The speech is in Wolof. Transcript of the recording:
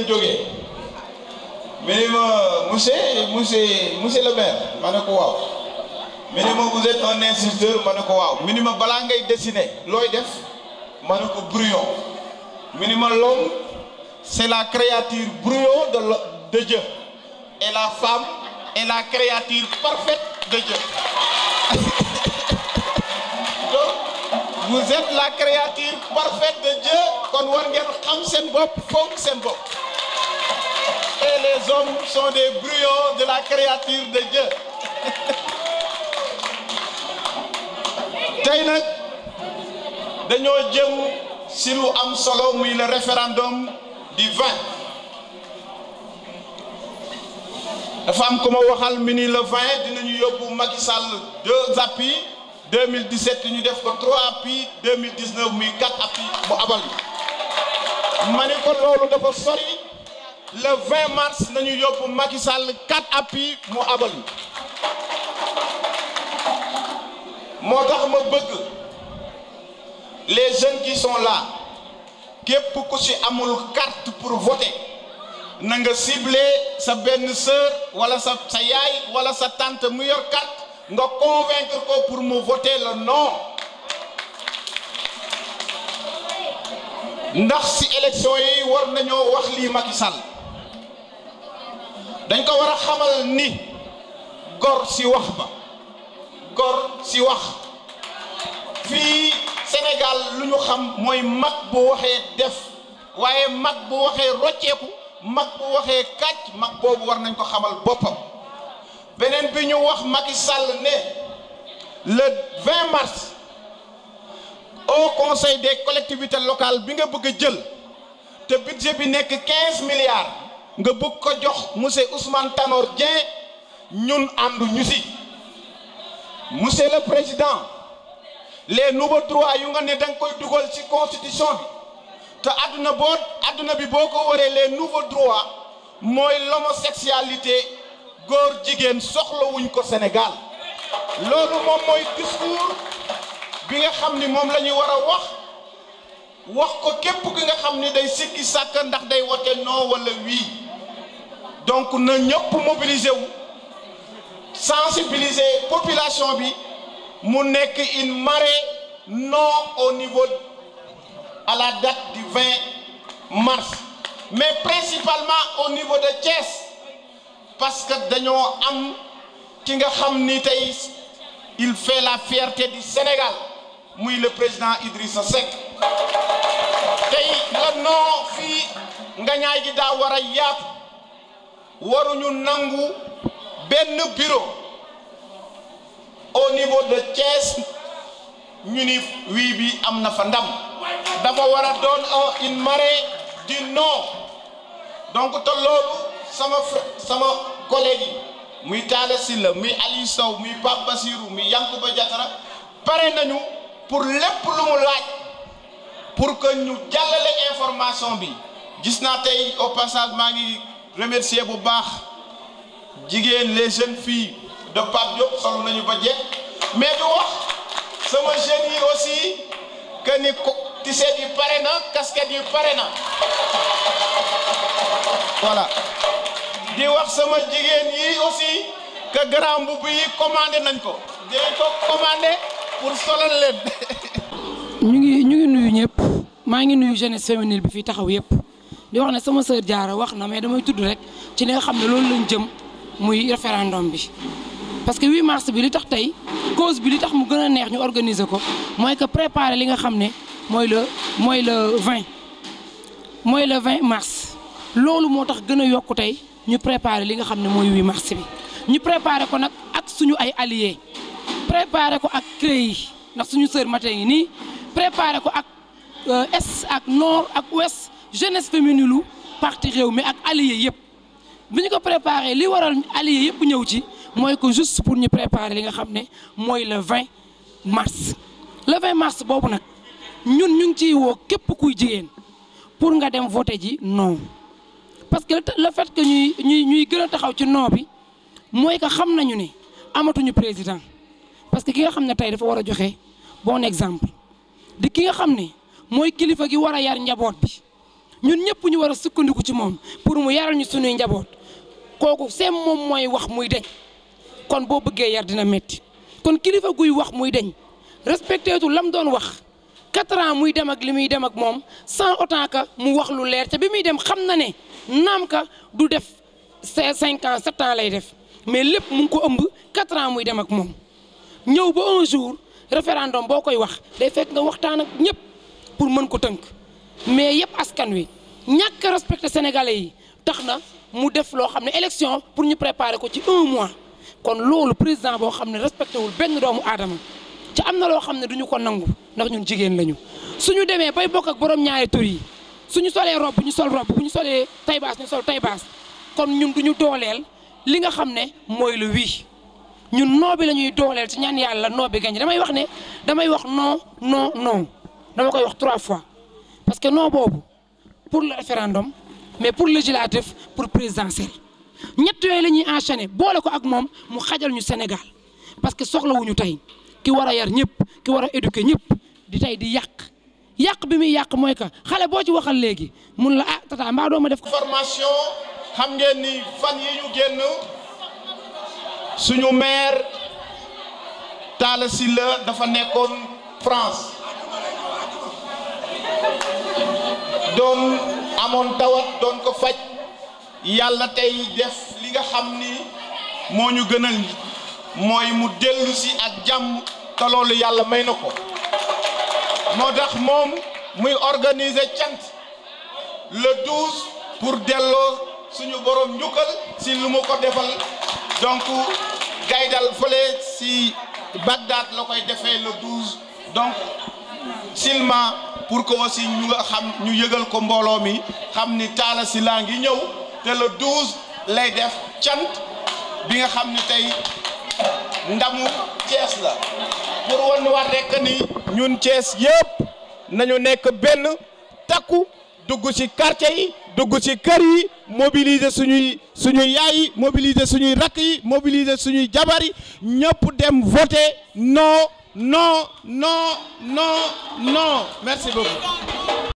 ngeen jógee mu ne ma monsieur monsieur monsieur le maire ma ne ko waaw mu ne ma vous ma ne ko waaw mu balaa ngay dessiner looy def ma ne ko brouillon mu ne ma la créature brouillon de de la femme est la créature parfaite de Dieu donc kon war ngeen xam seen bopp fonk seen bopp les hommes sont des brouillons de la créature de Dieu tey nag dañoo jëm si lu am solo muy le référendum du 20 dafa am ku ma waxal mi ni le 20 dinañu yóbbu Macky Sall deux appui 2017 ñu def ko trois appui 2019 muy quatre appui mu abal ma ne ko loolu dafa sori. le 20 mars nañu yóbbu Macky Sall quatre appuis mu abal moo tax ma bëgg les jeunes qui sont là képp ko ci amul carte pour voter na nga cibler sa benn sœur wala sa sa yaay wala sa tànt mu yor carte nga convaincre ko pour mu voter le non ndax ci élection yi war nañoo wax lii Macky dañ ko war a xamal ni gor si wax ba gor si wax fii senegal lu ñu xam mooy mag bu waxee def waaye mag bu waxee rocceeku mag bu waxee kàcc mag boobu war nañ ko xamal boppam beneen bi ñu wax Macky Sall ne le 20 mars au conseil des collectivités locales bi nga bëgg a jël te budget bi nekk 15 milliards nga bëgg ko jox monsieur Ousmane Tanor Dieng ñun àndu ñu si monsieur le président les nouveaux droits yu nga ne da koy dugal ci constitution bi te àdduna boo àdduna bi boo ko waree les nouveaux droits mooy l'homosexualité góor jigéen soxlawuñ ko Sénégal loolu moom mooy discours bi nga xam ni moom la ñu war a wax wax ko képp ki nga xam ni day sikki sàkk ndax day wote non wala oui donc na ñëpp mobiliser wu sensibiliser population bi mu nekk une marée non au niveau à la date du 20 mars mais principalement au niveau de Thiès parce que dañoo am ki nga xam ni tey il fait la fierté du Sénégal muy le président Idrissa Seck tey Lanoo fii ngañaay gi daa war a yaat waruñu nangu benn bureau au niveau de Thiès ñu ni wii bi am na fa ndam dafa war a doon une marée du non donc te loolu sama sama collègue yi muy Talla Sylla muy Aliou Sow muy Pape Basirou muy Yankuba Diatara pare nañu pour lépp lu mu laaj pour que ñu jàllale information bi gis naa te au passage maa ngi remercier bu baax jigéen les jeunes fii de Pape sol nañu ba jekk mais du wax sama jeunes yi aussi que ni ko tiset yi pare na casquette yi pare na voilà di wax sama jigéen yi aussi que grand mbubb yi commandé nañ ko dinañ ko commandé pour solal leen ñu ngi ñu ngi nuyu ñëpp maa ngi nuyu jeunesse féminine bi fi taxaw yëpp di wax na sama sœur Diarra wax na mais damay tudd rek ci li nga xam ne loolu lañ jëm muy référendum bi. parce que 8 mars bi li tax tey cause bi li tax mu gën a neex ñu organiser ko mooy que préparer li nga xam ne mooy le mooy le 20 mooy le 20 mars. loolu moo tax gën a yokku tey ñu préparer li nga xam ne mooy 8 mars bi ñu préparer ko nag ak suñu ay allier préparer ko ak CREI yi ndax suñu sœur Maté ngi nii préparer ko ak. Euh, est ak nord ak ouest jeunesse féminine lu parti réew mi ak allié yëpp bi ñu ko préparé li waral allié yëpp ñëw ci mooy que juste pour ñu préparer li nga xam ne mooy le 20 mars le 20 mars boobu nag ñun ñu ngi ciy woo képp kuy jigéen pour nga dem voter ji non parce que le fait que ñuy ñuy ñuy gën a taxaw ci non bi mooy que xam nañu ni amatuñu président parce que ki nga xam ne tey dafa war a joxe bon exemple di ki nga xam ne mooy kilifa gi war a yar njaboot bi ñun ñëpp ñu war a sukkandiku ci moom pour mu yaral ñu sunuy njaboot kooku seen moom mooy wax muy deñ kon boo bëggee yar dina métti kon kilifa guy wax muy deñ respecté lam doon wax quatre ans muy dem ak li muy dem ak moom sans autant que mu wax lu leer te bi muy dem xam na ne naam ka du def cinq ans sept ans lay def mais lépp mu ngi ko ëmb quatre ans muy dem ak moom ñëw ba un jour boo koy wax day fekk nga waxtaan ak ñëpp. pour mën ko tënk mais yëpp askan wi ñàkk a respecté yi tax na mu def loo xam ne élection pour ñu préparer ko ci un mois kon loolu président boo xam ne respecté wul benn doomu aadama ci am na loo xam ne duñu ko nangu ndax ñun jigéen lañu suñu demee bay bokk ak borom ñaari tur yi suñu solee rob ñu sol rob bu ñu solee taybaas ñu sol taybaas kon ñun ñu dooleel li nga xam ne mooy le wii ñun noo bi la ñuy dooleel ci ñaan yàlla noo bi gañ damay wax ne damay wax non non non dama koy wax trois fois parce que non boobu pour le référendum mais pour législatif pour présidentiel ñett yooyu la ñuy enchaîner boole ko ak moom mu xajal ñu Sénégal parce que wu ñu tey ki war a yar ñëpp ki war a éduquer ñëpp di tey di yàq yàq bi muy yàq mooy que xale boo ci waxal léegi mun la ah tata mbaa doo ma def ko. formation xam ngeen ni fan yi ñu génn suñu maire Talla Sylla dafa nekkoon France. doon amoon tawat doon ko faj yàlla tey def li nga xam ni moo ñu gënal mooy mu dellu si ak jàmm te yàlla may na ko moo tax moom muy organiser cant le pour delloo suñu borom njukkal si lu ma ko defal donc gaydal fële si Bagdad la koy defee le 12 donc silma pour que aussi ñu nga xam ñu yëgal ko mbooloo mi xam ni Talla Sylla ngi ñëw te le 12 lay def cant bi nga xam ni tey ndamu Thiès la pour wan war rekk ni ñun Thiès yëpp nañu nekk benn takku dugg ci quartier yi dugg ci kër yi mobiliser suñuy suñuy yaay yi mobiliser suñuy rakk yi mobiliser suñuy jabar yi ñëpp dem voter non Non, non, non, non. Merci beaucoup.